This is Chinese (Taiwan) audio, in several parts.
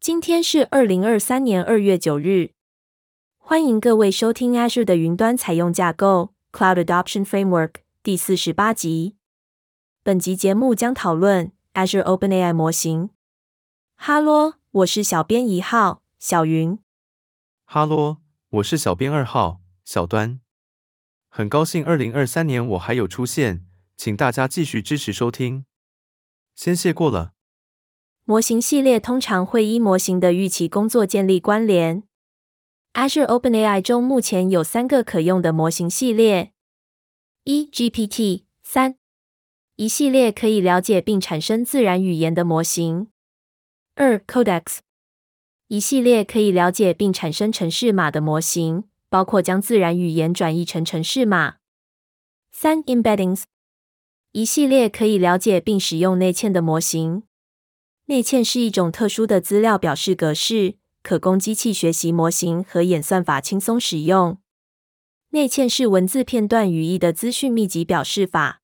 今天是二零二三年二月九日，歡迎各位收聽 Azure 的雲端採用架構 Cloud Adoption Framework 第四十八集。本集節目將討論 Azure OpenAI 模型。哈嘍，我是小編一號小雲。哈嘍，我是小編二號小端。很高興二零二三年我還有出現，請大家繼續支持收聽，先謝過了。模型系列通常會依模型的預期工作建立關聯。Azure OpenAI 中目前有三個可用的模型系列：一、GPT-3，一系列可以了解並產生自然語言的模型；二、Codex，一系列可以了解並產生程式碼的模型，包括將自然語言轉譯成程式碼；三、Embeddings，一系列可以了解並使用內嵌的模型。內嵌是一種特殊的資料表示格式，可供機器學習模型和演算法輕鬆使用。內嵌是文字片段語義的資訊密集表示法。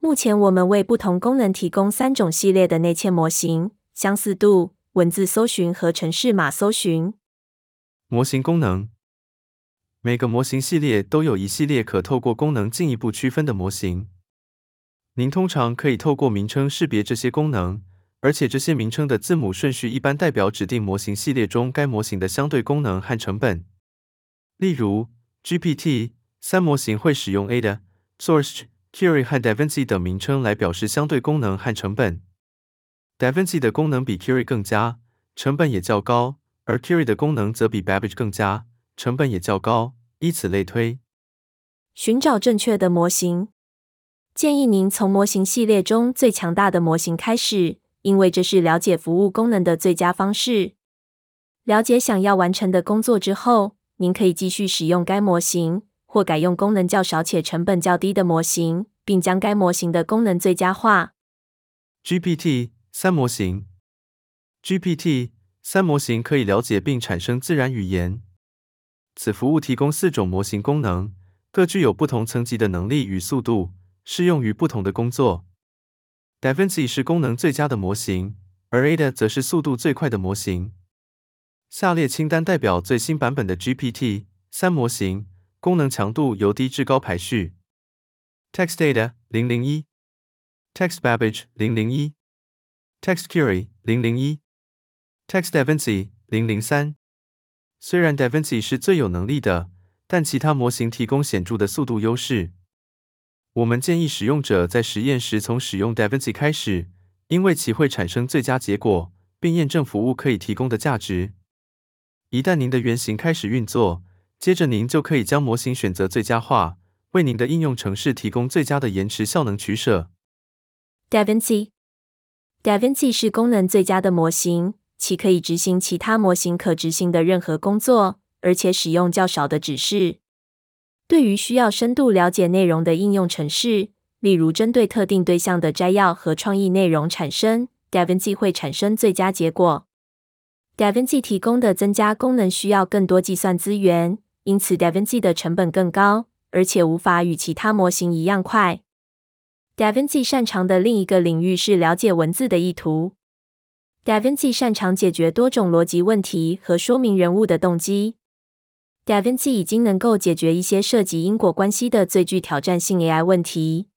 目前，我們為不同功能提供三種系列的內嵌模型：相似度、文字搜尋和程式碼搜尋。模型功能。每個模型系列都有一系列可透過功能進一步區分的模型。您通常可以透過名稱識別這些功能。而且這些名稱的字母順序一般代表指定模型系列中該模型的相對功能和成本。例如，GPT 三模型會使用 Ada、Source Curie 和 Davinci 等名稱來表示相對功能和成本。Davinci 的功能比 Curie 更佳，成本也較高；而 Curie 的功能則比 Babbage 更佳，成本也較高。以此類推。尋找正確的模型，建議您從模型系列中最強大的模型開始。因為這是了解服務功能的最佳方式。了解想要完成的工作之後，您可以繼續使用該模型，或改用功能較少且成本較低的模型，並將該模型的功能最佳化。GPT 三模型，GPT 三模型可以了解並產生自然語言。此服務提供四種模型功能，各具有不同層級的能力與速度，適用於不同的工作。DaVinci 是功能最佳的模型，而 Ada 則是速度最快的模型。下列清單代表最新版本的 GPT-3 模型，功能強度由低至高排序 TextAda 零零一、TextAda 零零一、TextBabbage 零零一、TextCurie 零零一、TextDaVinci 零零三。雖然 DaVinci 是最有能力的，但其他模型提供顯著的速度優勢。我們建議使用者在實驗時從使用 Da Vinci 開始，因為其會產生最佳結果，並驗證服務可以提供的價值。一旦您的原型開始運作，接着您就可以將模型選擇最佳化，為您的應用程式提供最佳的延遲效能取捨。Da Vinci，Da Vinci 是功能最佳的模型，其可以執行其他模型可執行的任何工作，而且使用較少的指示。對於需要深度了解內容的應用程式，例如針對特定對象的摘要和創意內容產生，Davinci 會產生最佳結果。Davinci 提供的增加功能需要更多計算資源，因此 Davinci 的成本更高，而且無法與其他模型一樣快。Davinci 擅長的另一個領域是了解文字的意圖。Davinci 擅長解決多種邏輯問題和說明人物的動機。Davinci 已經能夠解決一些涉及因果關係的最具挑戰性 AI 問題，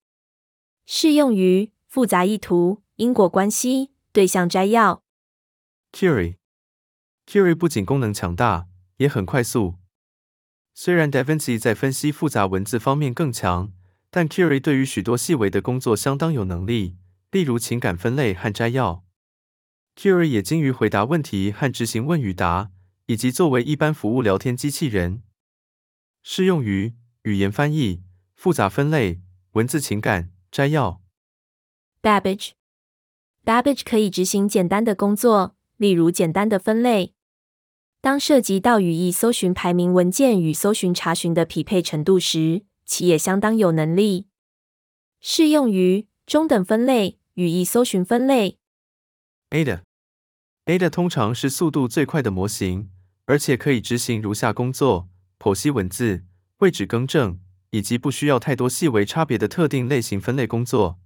適用於複雜意圖、因果關係、對象摘要。Curie Curie 不僅功能強大，也很快速。雖然 Davinci 在分析複雜文字方面更強，但 Curie 對於許多細微的工作相當有能力，例如情感分類和摘要。Curie 也精於回答問題和執行問與答，以及作為一般服務聊天機器人，適用於語言翻譯、複雜分類、文字情感摘要。Babbage，Babbage Babbage 可以執行簡單的工作，例如簡單的分類。當涉及到語義搜尋排名文件與搜尋查詢的匹配程度時，其也相當有能力。適用於中等分類、語義搜尋分類。Ada，Ada ADA 通常是速度最快的模型。而且可以執行如下工作：剖析文字、位置更正，以及不需要太多細微差別的特定類型分類工作。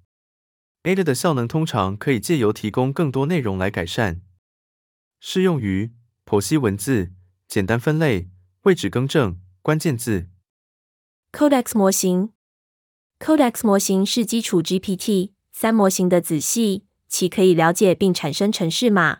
Ada 的效能通常可以借由提供更多內容來改善。適用於剖析文字、簡單分類、位置更正、關鍵字。Codex 模型，Codex 模型是基礎 GPT 三模型的子系，其可以了解並產生程式碼。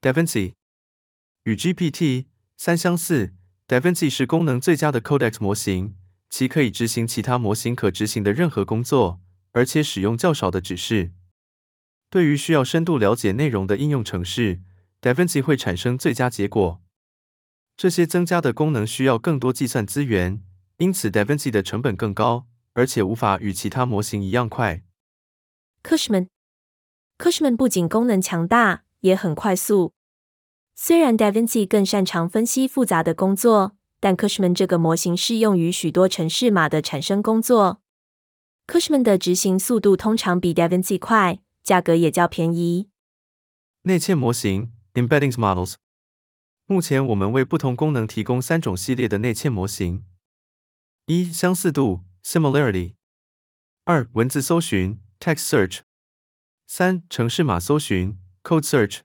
DaVinci 與 GPT 三相似，DaVinci 是功能最佳的 Codex 模型，其可以執行其他模型可執行的任何工作，而且使用較少的指示。對於需要深度了解內容的應用程序，DaVinci 會產生最佳結果。這些增加的功能需要更多計算資源，因此 DaVinci 的成本更高，而且無法與其他模型一樣快。Cushman，Cushman 不僅功能強大。也很快速。雖然 Davinci 更擅長分析複雜的工作，但 Cushman 這個模型適用於許多程式碼的產生工作。Cushman 的執行速度通常比 Davinci 快，價格也較便宜。內嵌模型 (Embeddings Models)。目前我們為不同功能提供三種系列的內嵌模型：一、相似度 (Similarity)；二、文字搜尋 (Text Search)；三、程式碼搜尋。Code Search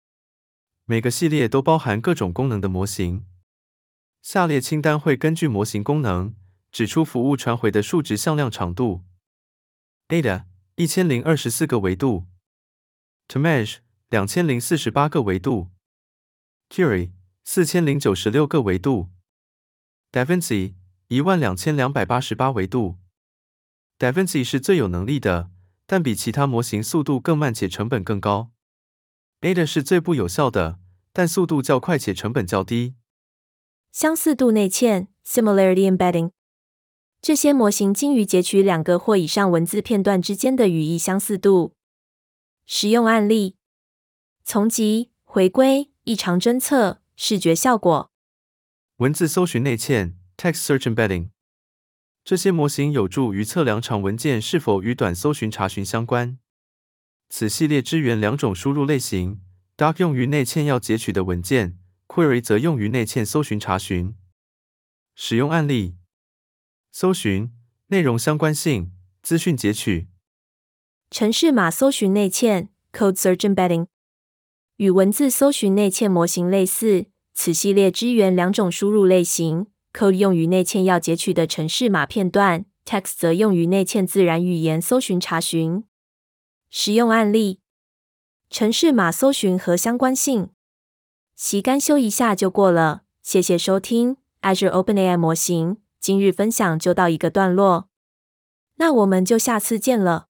每個系列都包含各種功能的模型。下列清單會根據模型功能指出服務傳回的數值向量長度。Ada 一千零二十四個維度，Temesh 兩千零四十八個維度，Curie 四千零九十六個維度，Davinci 一萬兩千兩百八十八維度。Davinci 是最有能力的，但比其他模型速度更慢且成本更高。Ada 是最不有效的，但速度較快且成本較低。相似度內嵌 （Similarity Embedding） 這些模型精於截取兩個或以上文字片段之間的語義相似度。使用案例：叢集、回歸、異常偵測、視覺效果。文字搜尋內嵌 （Text Search Embedding） 這些模型有助於測量長文件是否與短搜尋查詢相關。此系列支援兩種輸入類型，doc 用於內嵌要截取的文件，query 則用於內嵌搜尋查詢。使用案例：搜尋、內容相關性、資訊截取。程式碼搜尋內嵌 （code search embedding） 與文字搜尋內嵌模型類似，此系列支援兩種輸入類型，code 用於內嵌要截取的程式碼片段，text 則用於內嵌自然語言搜尋查詢。使用案例：程式碼搜尋和相關性。洗干修一下就過了。謝謝收聽 Azure OpenAI 模型。今日分享就到一個段落，那我們就下次見了。